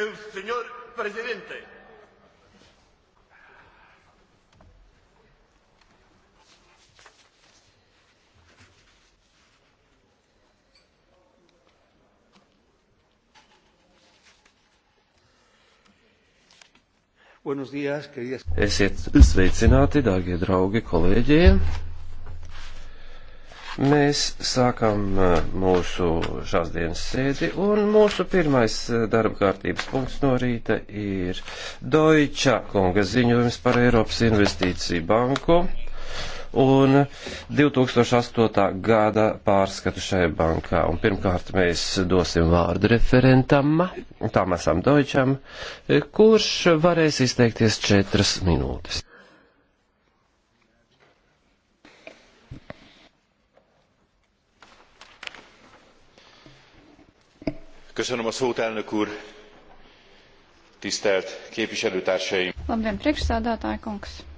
el señor presidente. Buenos días, queridas. Esiet sveicināti, dārgie draugi, kolēģi. Mēs sākam uh, mūsu šās dienas sēdi, un mūsu pirmais uh, darba kārtības punkts no rīta ir Deutsche kunga ziņojums par Eiropas investīciju banku un 2008. gada pārskatu šai bankā. Un pirmkārt mēs dosim vārdu referentam, Tamasam Deutscham, kurš varēs izteikties četras minūtes. elnök úr tisztelt képviselőtársaim! Labdien, priekšsādātāja kungs!